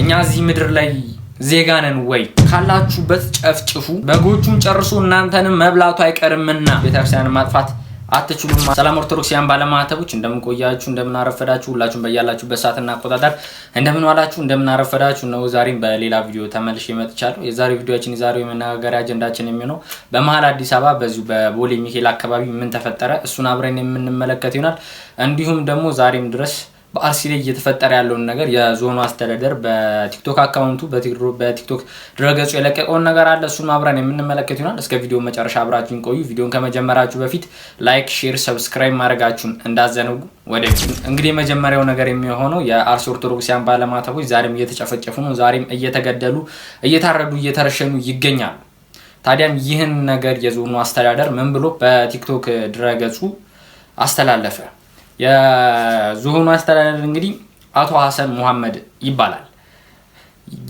እኛ እዚህ ምድር ላይ ዜጋ ነን ወይ? ካላችሁበት ጨፍጭፉ። በጎቹን ጨርሶ እናንተንም መብላቱ አይቀርምና ቤተክርስቲያንን ማጥፋት አትችሉም። ሰላም ኦርቶዶክሲያን ባለማህተቦች እንደምን ቆያችሁ? እንደምን አረፈዳችሁ? ሁላችሁም በያላችሁበት እና አቆጣጠር እንደምን ዋላችሁ? እንደምን አረፈዳችሁ ነው። ዛሬም በሌላ ቪዲዮ ተመልሼ መጥቻለሁ። የዛሬ ቪዲዮችን የዛሬው የመነጋገሪያ አጀንዳችን የሚሆነው በመሀል አዲስ አበባ በዚሁ በቦሌ ሚካኤል አካባቢ ምን ተፈጠረ፣ እሱን አብረን የምንመለከት ይሆናል። እንዲሁም ደግሞ ዛሬም ድረስ በአርሲ ላይ እየተፈጠረ ያለውን ነገር የዞኑ አስተዳደር በቲክቶክ አካውንቱ በቲክቶክ ድረገጹ የለቀቀውን ነገር አለ። እሱን አብረን የምንመለከት ይሆናል። እስከ ቪዲዮ መጨረሻ አብራችሁን ቆዩ። ቪዲዮን ከመጀመራችሁ በፊት ላይክ፣ ሼር፣ ሰብስክራይብ ማድረጋችሁን እንዳዘነጉ። ወደ እንግዲህ የመጀመሪያው ነገር የሚሆነው የአርሲ ኦርቶዶክሲያን ባለማተቦች ዛሬም እየተጨፈጨፉ ነው። ዛሬም እየተገደሉ እየታረዱ እየተረሸኑ ይገኛሉ። ታዲያም ይህን ነገር የዞኑ አስተዳደር ምን ብሎ በቲክቶክ ድረገጹ አስተላለፈ? የዞኑ አስተዳደር እንግዲህ አቶ ሀሰን ሙሐመድ ይባላል።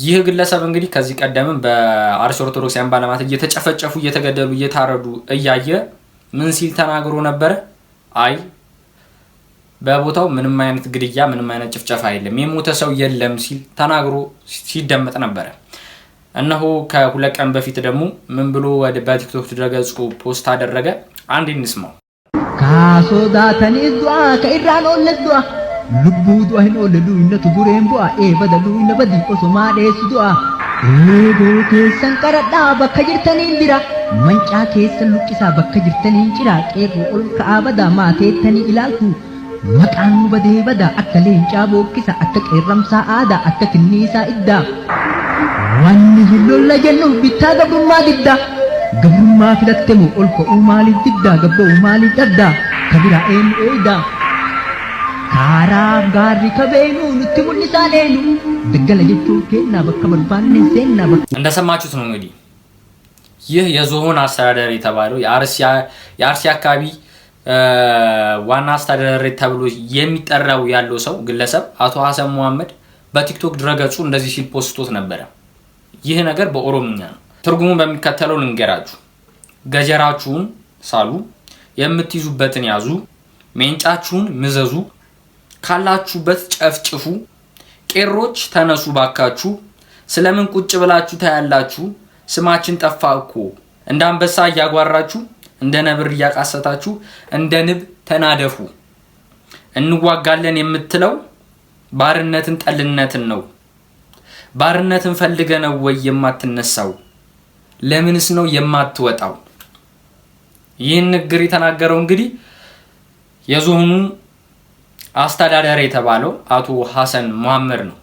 ይህ ግለሰብ እንግዲህ ከዚህ ቀደምም በአርሲ ኦርቶዶክሳውያን ባለማት እየተጨፈጨፉ እየተገደሉ እየታረዱ እያየ ምን ሲል ተናግሮ ነበር? አይ በቦታው ምንም አይነት ግድያ፣ ምንም አይነት ጭፍጨፋ የለም፣ የሞተ ሰው የለም ሲል ተናግሮ ሲደመጥ ነበረ። እነሆ ከሁለት ቀን በፊት ደግሞ ምን ብሎ በቲክቶክ ድረገጹ ፖስት አደረገ? አንድ እንስማው። kaasodaatanee du'aa ka irraan oolle du'a lubbuu du'a hin oolle du'innatu gureen bu'a eebada du'inna badi osomaa dheessu du'a eegoo keessan qaradhaa bakka jirtaniin bira mancaa keessan luqqisaa bakka jirtaniin ciraa qeerroo ol ka'aa bada maateettanii ilaaltu maqaan nu badee bada akka leencaa bookkisa akka qeerramsaa aadaa akka kinniisaa iddaa wanni hin lolla jennuuf bittaa gabrummaa diddaa. gabrummaa filattemu ol ka'uu maaliif diddaa gabba'u maaliif dhaddaa kabiraa eenyu ooyidaa karaa gaarri kabeenu nutti mul'isaa leenu daggala jechuun keennaa bakka barbaanne seennaa bakka እንደሰማችሁት ነው እንግዲህ ይህ የዞን አስተዳደር የተባለው የአርሲ አካባቢ ዋና አስተዳደር ተብሎ የሚጠራው ያለው ሰው ግለሰብ አቶ ሀሰን መሐመድ በቲክቶክ ድረገጹ እንደዚህ ሲል ፖስቶት ነበረ። ይህ ነገር በኦሮምኛ ነው። ትርጉሙን በሚከተለው ልንገራችሁ። ገጀራችሁን ሳሉ፣ የምትይዙበትን ያዙ፣ ሜንጫችሁን ምዘዙ፣ ካላችሁበት ጨፍጭፉ፣ ቄሮች ተነሱ ባካችሁ፣ ስለምን ቁጭ ብላችሁ ታያላችሁ? ስማችን ጠፋ እኮ እንደ አንበሳ እያጓራችሁ፣ እንደ ነብር እያቃሰታችሁ፣ እንደ ንብ ተናደፉ። እንዋጋለን የምትለው ባርነትን ጠልነትን ነው። ባርነትን ፈልገ ነው ወይ የማትነሳው? ለምንስ ነው የማትወጣው? ይህን ንግግር የተናገረው እንግዲህ የዞኑ አስተዳዳሪ የተባለው አቶ ሀሰን መሐመድ ነው።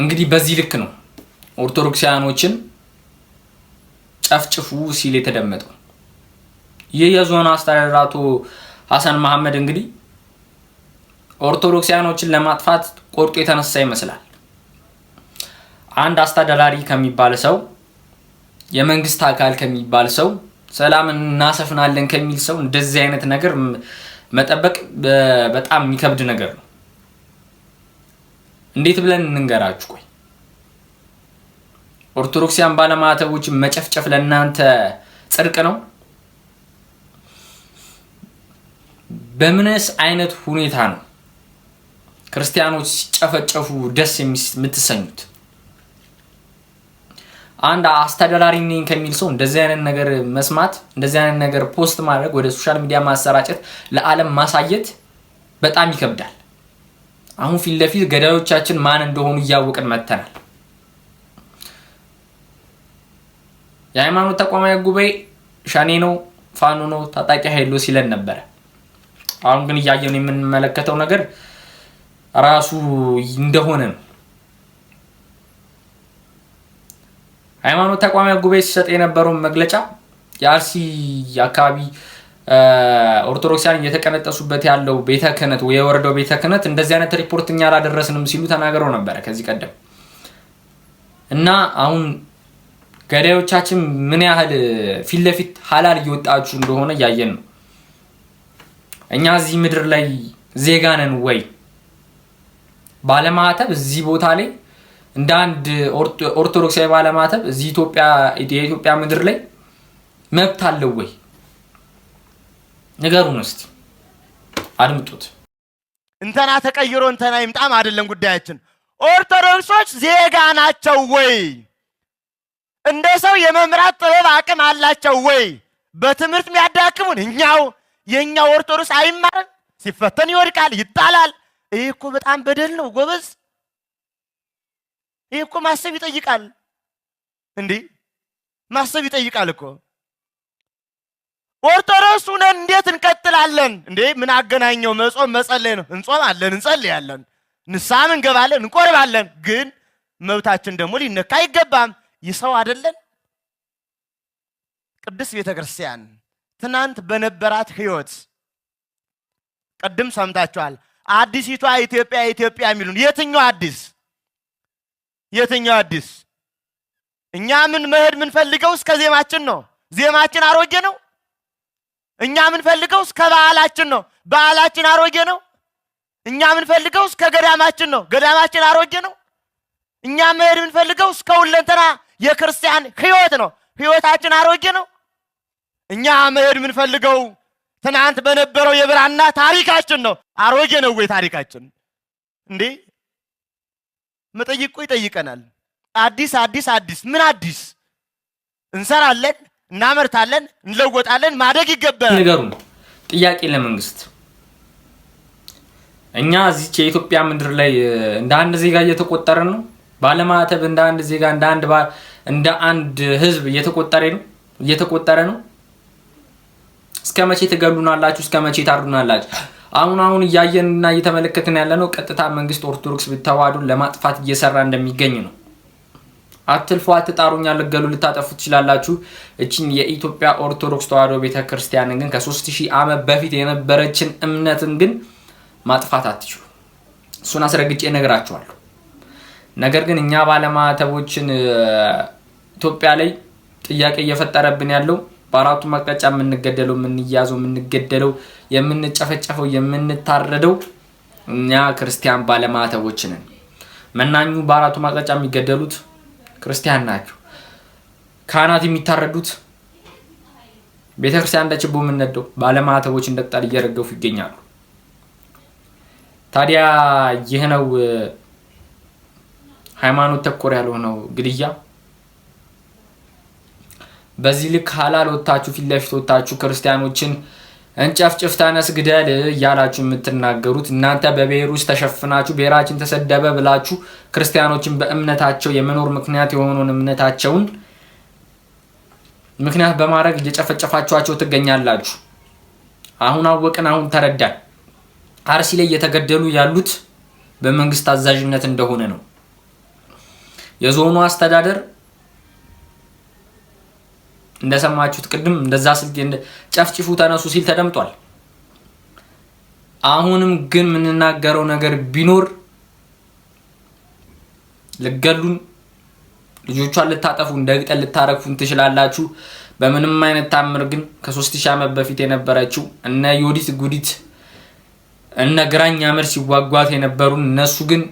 እንግዲህ በዚህ ልክ ነው ኦርቶዶክሳውያኖችን ጨፍጭፉ ሲል የተደመጠው። ይህ የዞኑ አስተዳዳሪ አቶ ሀሰን መሐመድ እንግዲህ ኦርቶዶክሳውያኖችን ለማጥፋት ቆርጦ የተነሳ ይመስላል። አንድ አስተዳዳሪ ከሚባል ሰው የመንግስት አካል ከሚባል ሰው ሰላም እናሰፍናለን ከሚል ሰው እንደዚህ አይነት ነገር መጠበቅ በጣም የሚከብድ ነገር ነው። እንዴት ብለን እንንገራችሁ? ቆይ ኦርቶዶክሲያን ባለማዕተቦች መጨፍጨፍ ለእናንተ ጽድቅ ነው? በምንስ አይነት ሁኔታ ነው ክርስቲያኖች ሲጨፈጨፉ ደስ የምትሰኙት? አንድ አስተዳዳሪ ነኝ ከሚል ሰው እንደዚህ አይነት ነገር መስማት እንደዚህ አይነት ነገር ፖስት ማድረግ ወደ ሶሻል ሚዲያ ማሰራጨት ለዓለም ማሳየት በጣም ይከብዳል። አሁን ፊት ለፊት ገዳዮቻችን ማን እንደሆኑ እያወቅን መጥተናል። የሃይማኖት ተቋማዊ ጉባኤ ሸኔ ነው፣ ፋኖ ነው፣ ታጣቂ ኃይሎ ሲለን ነበረ። አሁን ግን እያየን የምንመለከተው ነገር ራሱ እንደሆነ ነው። ሃይማኖት ተቋማት ጉባኤ ሲሰጥ የነበረውን መግለጫ የአርሲ አካባቢ ኦርቶዶክሳን እየተቀነጠሱበት ያለው ቤተ ክህነት የወረደው ቤተ ክህነት እንደዚህ አይነት ሪፖርት እኛ አላደረስንም ሲሉ ተናግረው ነበረ ከዚህ ቀደም እና አሁን ገዳዮቻችን ምን ያህል ፊት ለፊት ሀላል እየወጣችሁ እንደሆነ እያየን ነው። እኛ እዚህ ምድር ላይ ዜጋ ነን ወይ? ባለማዕተብ እዚህ ቦታ ላይ እንደ አንድ ኦርቶዶክሳዊ ባለማተብ እዚህ የኢትዮጵያ ምድር ላይ መብት አለው ወይ? ንገሩን እስቲ አድምጡት። እንተና ተቀይሮ እንተና ይምጣም አይደለም ጉዳያችን። ኦርቶዶክሶች ዜጋ ናቸው ወይ? እንደ ሰው የመምራት ጥበብ አቅም አላቸው ወይ? በትምህርት የሚያዳክሙን እኛው የእኛው ኦርቶዶክስ አይማርም፣ ሲፈተን ይወድቃል፣ ይጣላል። ይህ እኮ በጣም በደል ነው ጎበዝ ይሄ እኮ ማሰብ ይጠይቃል። እንዲህ ማሰብ ይጠይቃል እኮ ኦርቶዶክስ ሁነን እንዴት እንቀጥላለን? እንዴ ምን አገናኘው? መጾም መጸለይ ነው። እንጾማለን፣ እንጸልያለን፣ ንሳም እንገባለን፣ እንቆርባለን። ግን መብታችን ደግሞ ሊነካ አይገባም። ይሰው ሰው አይደለን? ቅድስት ቤተ ክርስቲያን ትናንት በነበራት ህይወት ቅድም ሰምታችኋል። አዲሲቷ ኢትዮጵያ ኢትዮጵያ የሚሉን የትኛው አዲስ የትኛው አዲስ? እኛ ምን መሄድ ምንፈልገው እስከ ዜማችን ነው። ዜማችን አሮጌ ነው። እኛ ምንፈልገው እስከ በዓላችን ነው። በዓላችን አሮጌ ነው። እኛ ምንፈልገው እስከ ገዳማችን ነው። ገዳማችን አሮጌ ነው። እኛ መሄድ ምንፈልገው እስከ ሁለንተና የክርስቲያን ሕይወት ነው። ሕይወታችን አሮጌ ነው። እኛ መሄድ የምንፈልገው ትናንት በነበረው የብራና ታሪካችን ነው። አሮጌ ነው ወይ ታሪካችን? እንዴ መጠይቁ ይጠይቀናል። አዲስ አዲስ አዲስ ምን አዲስ? እንሰራለን፣ እናመርታለን፣ እንለወጣለን፣ ማደግ ይገባል። ነገሩ ጥያቄ ለመንግስት እኛ እዚች የኢትዮጵያ ምድር ላይ እንደ አንድ ዜጋ እየተቆጠረ ነው። ባለማዕተብ እንደ አንድ ዜጋ እንደ አንድ እንደ አንድ ህዝብ እየተቆጠረ ነው እየተቆጠረ ነው። እስከ መቼ ትገሉናላችሁ? እስከ መቼ ታርዱናላችሁ? አሁን አሁን እያየንና እየተመለከትን ነው ቀጥታ መንግስት ኦርቶዶክስ ተዋሕዶን ለማጥፋት እየሰራ እንደሚገኝ ነው። አትልፎ አትጣሩኛ ልገሉ ልታጠፉ ትችላላችሁ። እችን የኢትዮጵያ ኦርቶዶክስ ተዋህዶ ቤተክርስቲያንን ግን ከሶስት ሺህ ዓመት በፊት የነበረችን እምነትን ግን ማጥፋት አትችሉ። እሱን አስረግጬ እነግራችኋለሁ። ነገር ግን እኛ ባለማተቦችን ኢትዮጵያ ላይ ጥያቄ እየፈጠረብን ያለው በአራቱም አቅጣጫ የምንገደለው የምንያዘው የምንገደለው የምንጨፈጨፈው የምንታረደው እኛ ክርስቲያን ባለማዕተቦች ነን። መናኙ በአራቱም አቅጣጫ የሚገደሉት ክርስቲያን ናቸው። ካህናት የሚታረዱት፣ ቤተክርስቲያን እንደ ችቦ የምንነደው፣ ባለማተቦች እንደ ቅጠል እየረገፉ ይገኛሉ። ታዲያ ይህ ነው ሃይማኖት ተኮር ያልሆነው ግድያ። በዚህ ልክ ሀላል ወጥታችሁ ፊት ለፊት ወጥታችሁ ክርስቲያኖችን እንጨፍጭፍ፣ ተነስ፣ ግደል እያላችሁ የምትናገሩት እናንተ በብሔር ውስጥ ተሸፍናችሁ ብሔራችን ተሰደበ ብላችሁ ክርስቲያኖችን በእምነታቸው የመኖር ምክንያት የሆነውን እምነታቸውን ምክንያት በማድረግ እየጨፈጨፋችኋቸው ትገኛላችሁ። አሁን አወቅን፣ አሁን ተረዳን። አርሲ ላይ እየተገደሉ ያሉት በመንግስት አዛዥነት እንደሆነ ነው የዞኑ አስተዳደር እንደሰማችሁት ቅድም እንደዛ ስል ጨፍጭፉ ተነሱ ሲል ተደምጧል። አሁንም ግን የምንናገረው ነገር ቢኖር ልገሉን፣ ልጆቿን ልታጠፉ እንደ ግጠል ልታረግፉን ትችላላችሁ። በምንም አይነት ታምር ግን ከሶስት ሺህ ዓመት በፊት የነበረችው እነ ዮዲት ጉዲት እነ ግራኝ አምር ሲዋጓት የነበሩን እነሱ ግን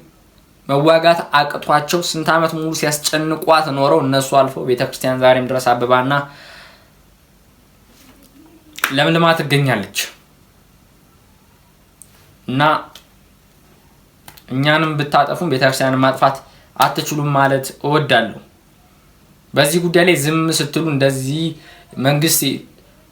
መዋጋት አቅቷቸው ስንት ዓመት ሙሉ ሲያስጨንቋት ኖረው እነሱ አልፎ ቤተክርስቲያን ዛሬም ድረስ አበባና ለምልማ ትገኛለች እና እኛንም ብታጠፉም ቤተክርስቲያንን ማጥፋት አትችሉም ማለት እወዳለሁ። በዚህ ጉዳይ ላይ ዝም ስትሉ እንደዚህ መንግስት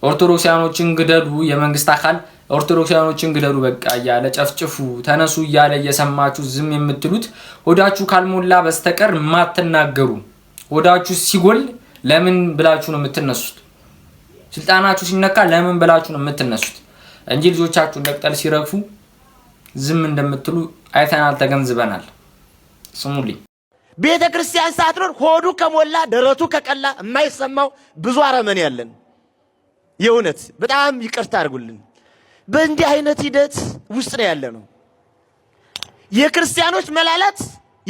ኦርቶዶክሲያኖችን ግደሉ የመንግስት አካል ኦርቶዶክሳኖችን ግደሉ በቃ እያለ ጨፍጭፉ፣ ተነሱ እያለ እየሰማችሁ ዝም የምትሉት ሆዳችሁ ካልሞላ በስተቀር ማትናገሩ፣ ሆዳችሁ ሲጎል ለምን ብላችሁ ነው የምትነሱት? ስልጣናችሁ ሲነካ ለምን ብላችሁ ነው የምትነሱት? እንጂ ልጆቻችሁ ደቅጠል ሲረግፉ ዝም እንደምትሉ አይተናል፣ ተገንዝበናል። ስሙልኝ። ቤተ ክርስቲያን ሳትኖር ሆዱ ከሞላ ደረቱ ከቀላ የማይሰማው ብዙ አረመኔ ያለን የእውነት በጣም ይቅርታ አድርጉልን። በእንዲህ አይነት ሂደት ውስጥ ነው ያለ ነው። የክርስቲያኖች መላላት፣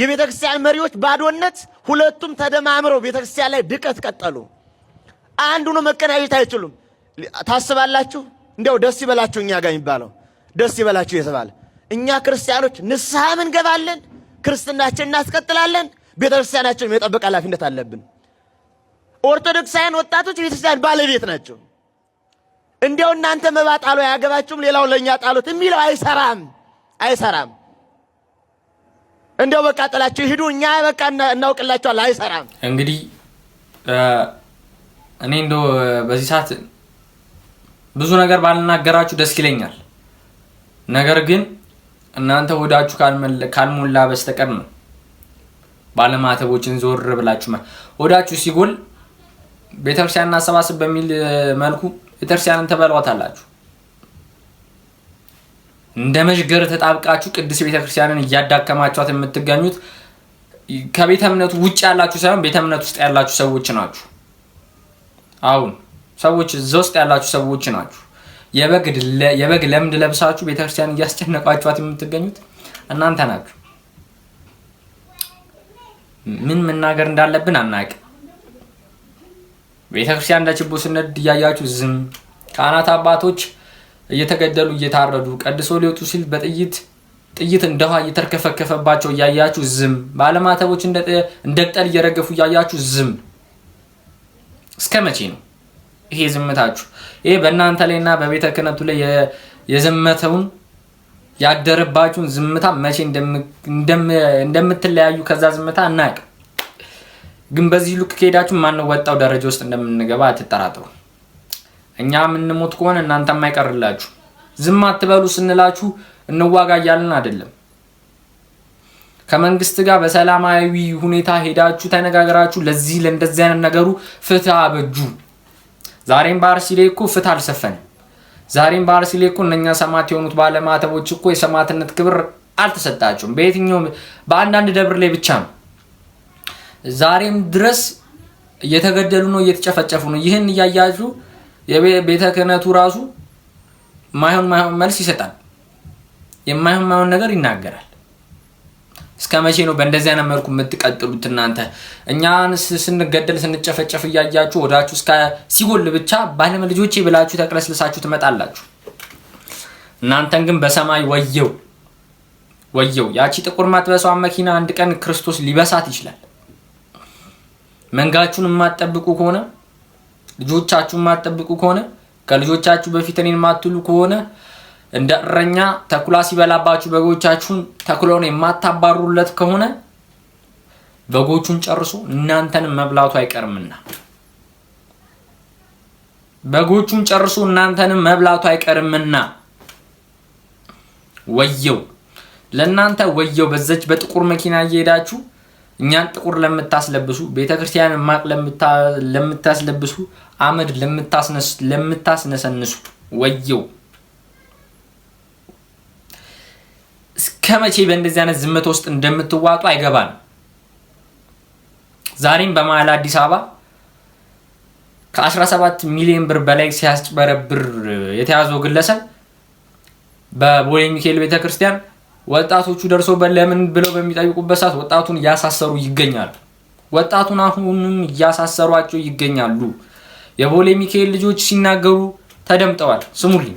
የቤተ ክርስቲያን መሪዎች ባዶነት፣ ሁለቱም ተደማምረው ቤተ ክርስቲያን ላይ ድቀት ቀጠሉ። አንዱ ነው መቀናየት አይችሉም። ታስባላችሁ፣ እንዲያው ደስ ይበላችሁ እኛ ጋር የሚባለው ደስ ይበላችሁ የተባለ እኛ ክርስቲያኖች ንስሐም እንገባለን፣ ክርስትናችን እናስቀጥላለን፣ ቤተ ክርስቲያናችን የጠበቅ ኃላፊነት አለብን። ኦርቶዶክሳውያን ወጣቶች ቤተክርስቲያን ባለቤት ናቸው። እንዲያው እናንተ መባ ጣሉ አያገባችሁም፣ ሌላው ለእኛ ጣሉት የሚለው አይሰራም፣ አይሰራም። እንዲያው በቃ ጥላችሁ ይሄዱ እኛ በቃ እናውቅላችኋል። አይሰራም። እንግዲህ እኔ እንደ በዚህ ሰዓት ብዙ ነገር ባልናገራችሁ ደስ ይለኛል። ነገር ግን እናንተ ወዳችሁ ካልሞላ በስተቀር ነው ባለማተቦችን ዞር ብላችሁ ወዳችሁ ሲጎል ቤተክርስቲያን እናሰባስብ በሚል መልኩ ቤተክርስቲያንን ተበሏታላችሁ። እንደ መዥገር ተጣብቃችሁ ቅድስት ቤተክርስቲያንን እያዳከማችኋት የምትገኙት ከቤተ እምነቱ ውጭ ያላችሁ ሳይሆን ቤተ እምነት ውስጥ ያላችሁ ሰዎች ናችሁ። አሁን ሰዎች እዛ ውስጥ ያላችሁ ሰዎች ናችሁ። የበግ ለምድ ለብሳችሁ ቤተክርስቲያን እያስጨነቋችኋት የምትገኙት እናንተ ናችሁ። ምን መናገር እንዳለብን አናውቅ። ቤተክርስቲያን እንደ ችቦ ስነድ እያያችሁ ዝም። ካህናት አባቶች እየተገደሉ እየታረዱ ቀድሶ ሊወጡ ሲል በጥይት ጥይት እንደ ውሃ እየተርከፈከፈባቸው እያያችሁ ዝም። ባለማተቦች እንደ ቅጠል እየረገፉ እያያችሁ ዝም። እስከ መቼ ነው ይሄ ዝምታችሁ? ይሄ በእናንተ ላይና በቤተ ክህነቱ ላይ የዘመተውን ያደረባችሁን ዝምታ መቼ እንደምትለያዩ ከዛ ዝምታ እናቅ ግን በዚህ ሉክ ከሄዳችሁ ማንወጣው ደረጃ ውስጥ እንደምንገባ አትጠራጥሩ። እኛ የምንሞት ከሆነ እናንተ አይቀርላችሁ። ዝም አትበሉ ስንላችሁ እንዋጋ እያልን አይደለም። ከመንግስት ጋር በሰላማዊ ሁኔታ ሄዳችሁ ተነጋግራችሁ ለዚህ ለእንደዚህ አይነት ነገሩ ፍትህ አበጁ። ዛሬም በአርሲ ላይ እኮ ፍትህ አልሰፈንም። ዛሬም በአርሲ ላይ እኮ እነኛ ሰማዕት የሆኑት ባለማተቦች እኮ የሰማዕትነት ክብር አልተሰጣቸውም። በየትኛውም በአንዳንድ ደብር ላይ ብቻ ነው ዛሬም ድረስ እየተገደሉ ነው፣ እየተጨፈጨፉ ነው። ይህን እያያዙ የቤተ ክህነቱ ራሱ ማይሆን ማይሆን መልስ ይሰጣል፣ የማይሆን ማይሆን ነገር ይናገራል። እስከ መቼ ነው በእንደዚህ አይነት መልኩ የምትቀጥሉት እናንተ? እኛን ስንገደል ስንጨፈጨፍ እያያችሁ ወዳችሁ እስከ ሲጎል ብቻ ባለም ልጆቼ ብላችሁ ተቅለስልሳችሁ ትመጣላችሁ። እናንተን ግን በሰማይ ወየው ወየው። ያቺ ጥቁር ማትበሳዋ መኪና አንድ ቀን ክርስቶስ ሊበሳት ይችላል። መንጋችሁን የማትጠብቁ ከሆነ ልጆቻችሁን የማትጠብቁ ከሆነ ከልጆቻችሁ በፊት እኔን የማትሉ ከሆነ እንደ እረኛ ተኩላ ሲበላባችሁ በጎቻችሁን ተኩላውን የማታባሩለት ከሆነ በጎቹን ጨርሶ እናንተንም መብላቱ አይቀርምና በጎቹን ጨርሶ እናንተንም መብላቱ አይቀርምና ወየው ለእናንተ ወየው። በዘች በጥቁር መኪና እየሄዳችሁ እኛን ጥቁር ለምታስለብሱ፣ ቤተ ማቅ ለምታስለብሱ፣ አመድ ለምታስነሰንሱ ወየው እስከ መቼ በእንደዚህ አይነት ዝመት ውስጥ እንደምትዋጡ አይገባን። ዛሬም በመሀል አዲስ አበባ ከ17 ሚሊዮን ብር በላይ ሲያስጭበረብር የተያዘው ግለሰብ በቦሌ ሚካኤል ቤተክርስቲያን ወጣቶቹ ደርሶበት ለምን ብለው በሚጠይቁበት ሰዓት ወጣቱን እያሳሰሩ ይገኛሉ። ወጣቱን አሁንም እያሳሰሯቸው ይገኛሉ። የቦሌ ሚካኤል ልጆች ሲናገሩ ተደምጠዋል። ስሙልኝ።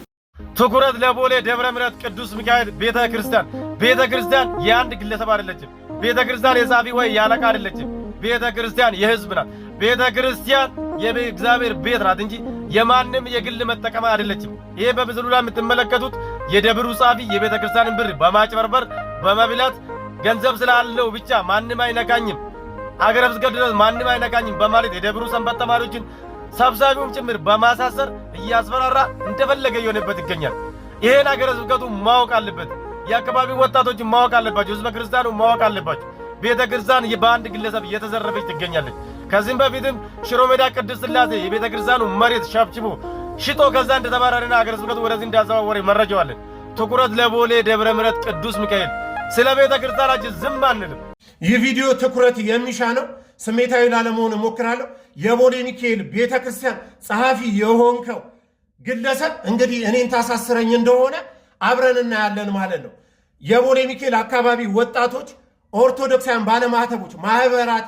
ትኩረት ለቦሌ ደብረ ምሕረት ቅዱስ ሚካኤል ቤተ ክርስቲያን። ቤተ ክርስቲያን የአንድ ግለሰብ አይደለችም። ቤተ ክርስቲያን የጻፊ ወይ ያለቃ አይደለችም። ቤተ ክርስቲያን የህዝብ ናት። ቤተ ክርስቲያን የእግዚአብሔር ቤት ናት እንጂ የማንም የግል መጠቀም አይደለችም። ይሄ በምስሉ ላይ የምትመለከቱት የደብሩ ጻፊ የቤተ ክርስቲያንን ብር በማጭበርበር በመብላት ገንዘብ ስላለው ብቻ ማንም አይነካኝም፣ አገረ ስብከት ድረስ ማንም አይነካኝም በማለት የደብሩ ሰንበት ተማሪዎችን ሰብሳቢውም ጭምር በማሳሰር እያስፈራራ እንደፈለገ የሆነበት ይገኛል። ይሄን አገረ ስብከቱ ማወቅ አለበት። የአካባቢው ወጣቶች ማወቅ አለባቸው። ህዝበ ክርስቲያኑ ማወቅ አለባቸው። ቤተ ክርስቲያን በአንድ ግለሰብ እየተዘረፈች ትገኛለች። ከዚህም በፊትም ሽሮ ሜዳ ቅድስት ስላሴ የቤተ ክርስቲያኑ መሬት ሸብችቦ ሽጦ ከዛ እንደተባረረና ሀገረ ስብከቱ ወደዚህ እንዳዘዋወረ መረጃዋለን። ትኩረት ለቦሌ ደብረ ምሕረት ቅዱስ ሚካኤል። ስለ ቤተ ክርስቲያናችን ዝም አንልም። ይህ ቪዲዮ ትኩረት የሚሻ ነው። ስሜታዊ ላለመሆን እሞክራለሁ። የቦሌ ሚካኤል ቤተ ክርስቲያን ጸሐፊ የሆንከው ግለሰብ እንግዲህ እኔን ታሳስረኝ እንደሆነ አብረን እናያለን ማለት ነው። የቦሌ ሚካኤል አካባቢ ወጣቶች፣ ኦርቶዶክሳውያን ባለማህተቦች፣ ማህበራት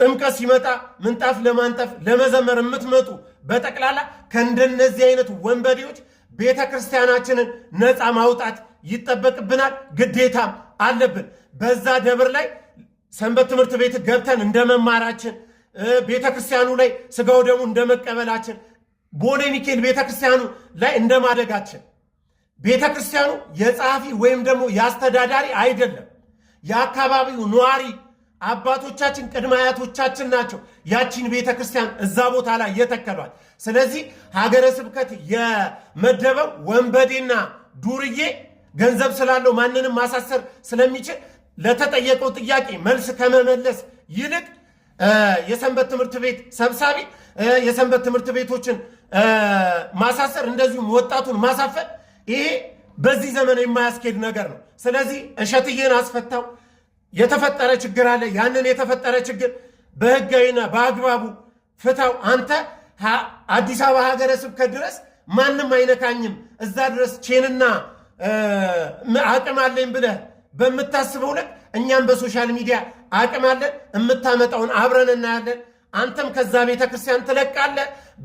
ጥምቀት ሲመጣ ምንጣፍ ለማንጠፍ ለመዘመር የምትመጡ በጠቅላላ ከእንደነዚህ አይነት ወንበዴዎች ቤተ ክርስቲያናችንን ነፃ ማውጣት ይጠበቅብናል፣ ግዴታም አለብን። በዛ ደብር ላይ ሰንበት ትምህርት ቤት ገብተን እንደመማራችን ቤተ ክርስቲያኑ ላይ ስጋው ደግሞ እንደመቀበላችን ቦሌ ሚካኤል ቤተ ክርስቲያኑ ላይ እንደማደጋችን ቤተ ክርስቲያኑ የጸሐፊ ወይም ደግሞ የአስተዳዳሪ አይደለም። የአካባቢው ነዋሪ አባቶቻችን ቅድመ አያቶቻችን ናቸው ያቺን ቤተ ክርስቲያን እዛ ቦታ ላይ የተከሏል። ስለዚህ ሀገረ ስብከት የመደበው ወንበዴና ዱርዬ ገንዘብ ስላለው ማንንም ማሳሰር ስለሚችል ለተጠየቀው ጥያቄ መልስ ከመመለስ ይልቅ የሰንበት ትምህርት ቤት ሰብሳቢ የሰንበት ትምህርት ቤቶችን ማሳሰር፣ እንደዚሁም ወጣቱን ማሳፈር ይሄ በዚህ ዘመን የማያስኬድ ነገር ነው። ስለዚህ እሸትዬን አስፈታው የተፈጠረ ችግር አለ። ያንን የተፈጠረ ችግር በህጋዊና በአግባቡ ፍታው። አንተ አዲስ አበባ ሀገረ ስብከት ድረስ ማንም አይነካኝም፣ እዛ ድረስ ቼንና አቅም አለኝ ብለህ በምታስበው ልክ እኛም በሶሻል ሚዲያ አቅም አለን፣ የምታመጣውን አብረን እናያለን። አንተም ከዛ ቤተ ክርስቲያን ትለቃለ፣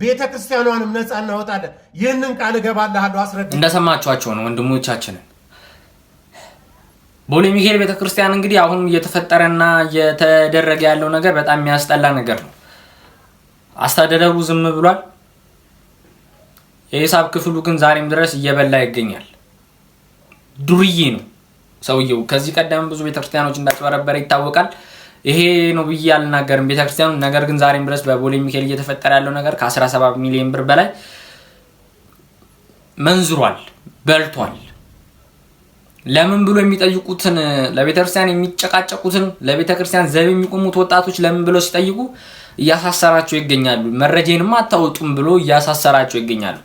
ቤተ ክርስቲያኗንም ነፃ እናወጣለን። ይህንን ቃል እገባልሃለሁ። አስረዳ። እንደሰማችኋቸው ነው ወንድሞቻችንን ቦሌ ሚካኤል ቤተክርስቲያን እንግዲህ አሁን እየተፈጠረና እየተደረገ ያለው ነገር በጣም የሚያስጠላ ነገር ነው። አስተዳደሩ ዝም ብሏል። የሂሳብ ክፍሉ ግን ዛሬም ድረስ እየበላ ይገኛል። ዱርዬ ነው ሰውየው። ከዚህ ቀደም ብዙ ቤተክርስቲያኖች እንዳጭበረበረ ይታወቃል። ይሄ ነው ብዬ አልናገርም ቤተክርስቲያኑ። ነገር ግን ዛሬም ድረስ በቦሌ ሚካኤል እየተፈጠረ ያለው ነገር ከ17 ሚሊዮን ብር በላይ መንዝሯል፣ በልቷል። ለምን ብሎ የሚጠይቁትን ለቤተክርስቲያን የሚጨቃጨቁትን ለቤተክርስቲያን ዘብ የሚቆሙት ወጣቶች ለምን ብሎ ሲጠይቁ እያሳሰራቸው ይገኛሉ። መረጃንም አታወጡም ብሎ እያሳሰራቸው ይገኛሉ።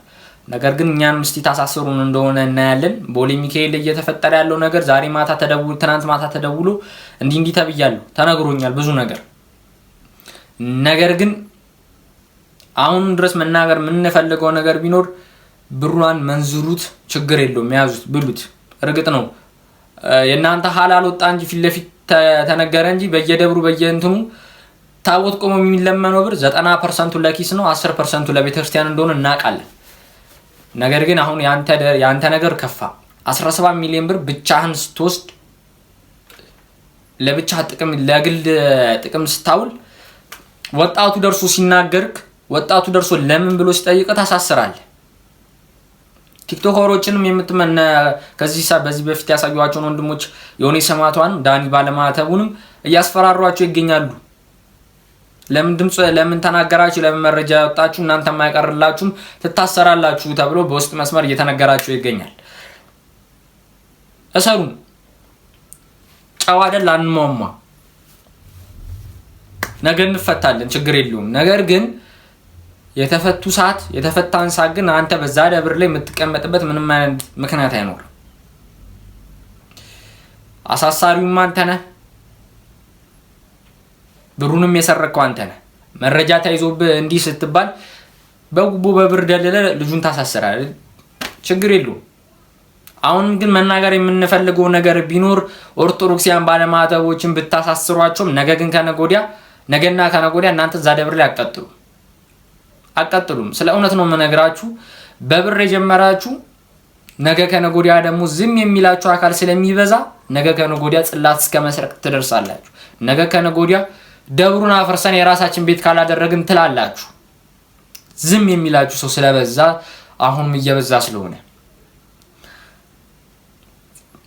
ነገር ግን እኛን ምስቲ ታሳስሩን እንደሆነ እናያለን። ቦሌ ሚካኤል እየተፈጠረ ያለው ነገር ዛሬ ማታ ተደውሎ ትናንት ማታ ተደውሎ እንዲህ እንዲህ ተብያሉ ተነግሮኛል ብዙ ነገር። ነገር ግን አሁን ድረስ መናገር የምንፈልገው ነገር ቢኖር ብሯን መንዝሩት፣ ችግር የለውም ያዙት፣ ብሉት እርግጥ ነው የእናንተ ሀላል ወጣ እንጂ ፊት ለፊት ተነገረ እንጂ በየደብሩ በየእንትኑ ታቦት ቆሞ የሚለመነው ብር ዘጠና ፐርሰንቱ ለኪስ ነው፣ አስር ፐርሰንቱ ለቤተክርስቲያን እንደሆነ እናውቃለን። ነገር ግን አሁን የአንተ ነገር ከፋ። 17 ሚሊዮን ብር ብቻህን ስትወስድ ለብቻ ጥቅም ለግል ጥቅም ስታውል ወጣቱ ደርሶ ሲናገርክ ወጣቱ ደርሶ ለምን ብሎ ሲጠይቅ ታሳስራለህ። ቲክቶከሮችንም የምትመነ ከዚህ በዚህ በፊት ያሳዩቸውን ወንድሞች የሆነ ሰማቷን ዳኒ ባለማተቡንም እያስፈራሯቸው ይገኛሉ። ለምን ድምፅ ለምን ተናገራችሁ? ለምን መረጃ ያወጣችሁ? እናንተ የማይቀርላችሁም ትታሰራላችሁ ተብሎ በውስጥ መስመር እየተነገራቸው ይገኛል። እሰሩም ጨዋ አይደል? አንሟሟ። ነገ እንፈታለን፣ ችግር የለውም። ነገር ግን የተፈቱ ሰዓት የተፈታን ሰዓት ግን አንተ በዛ ደብር ላይ የምትቀመጥበት ምንም አይነት ምክንያት አይኖርም። አሳሳሪውም አንተ ነህ፣ ብሩንም የሰረቀው አንተ ነህ። መረጃ ተይዞብህ እንዲህ ስትባል በጉቦ በብር ደለለ ልጁን ታሳስራል። ችግር የለውም። አሁንም ግን መናገር የምንፈልገው ነገር ቢኖር ኦርቶዶክሲያን ባለማዕተቦችን ብታሳስሯቸውም ነገ ግን ከነጎዲያ ነገና ከነጎዲያ እናንተ እዛ ደብር ላይ አቀጥሉ። አቀጥሉም። ስለ እውነት ነው የምነግራችሁ። በብር የጀመራችሁ ነገ ከነጎዲያ ደግሞ ዝም የሚላችሁ አካል ስለሚበዛ ነገ ከነጎዲያ ጽላት እስከ መስረቅ ትደርሳላችሁ። ነገ ከነጎዲያ ደብሩን አፈርሰን የራሳችን ቤት ካላደረግን ትላላችሁ። ዝም የሚላችሁ ሰው ስለበዛ አሁንም እየበዛ ስለሆነ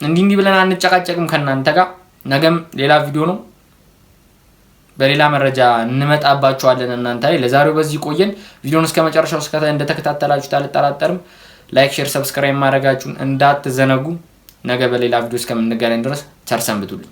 እንዲህ እንዲህ ብለን አንጨቃጨቅም ከእናንተ ጋር። ነገም ሌላ ቪዲዮ ነው። በሌላ መረጃ እንመጣባችኋለን። እናንተ ላይ ለዛሬው በዚህ ቆየን። ቪዲዮን እስከ መጨረሻው እስከታ እንደተከታተላችሁት አልጠራጠርም። ላይክ፣ ሼር፣ ሰብስክራይብ ማድረጋችሁን እንዳትዘነጉ። ነገ በሌላ ቪዲዮ እስከምንገናኝ ድረስ ቸር ሰንብቱልኝ።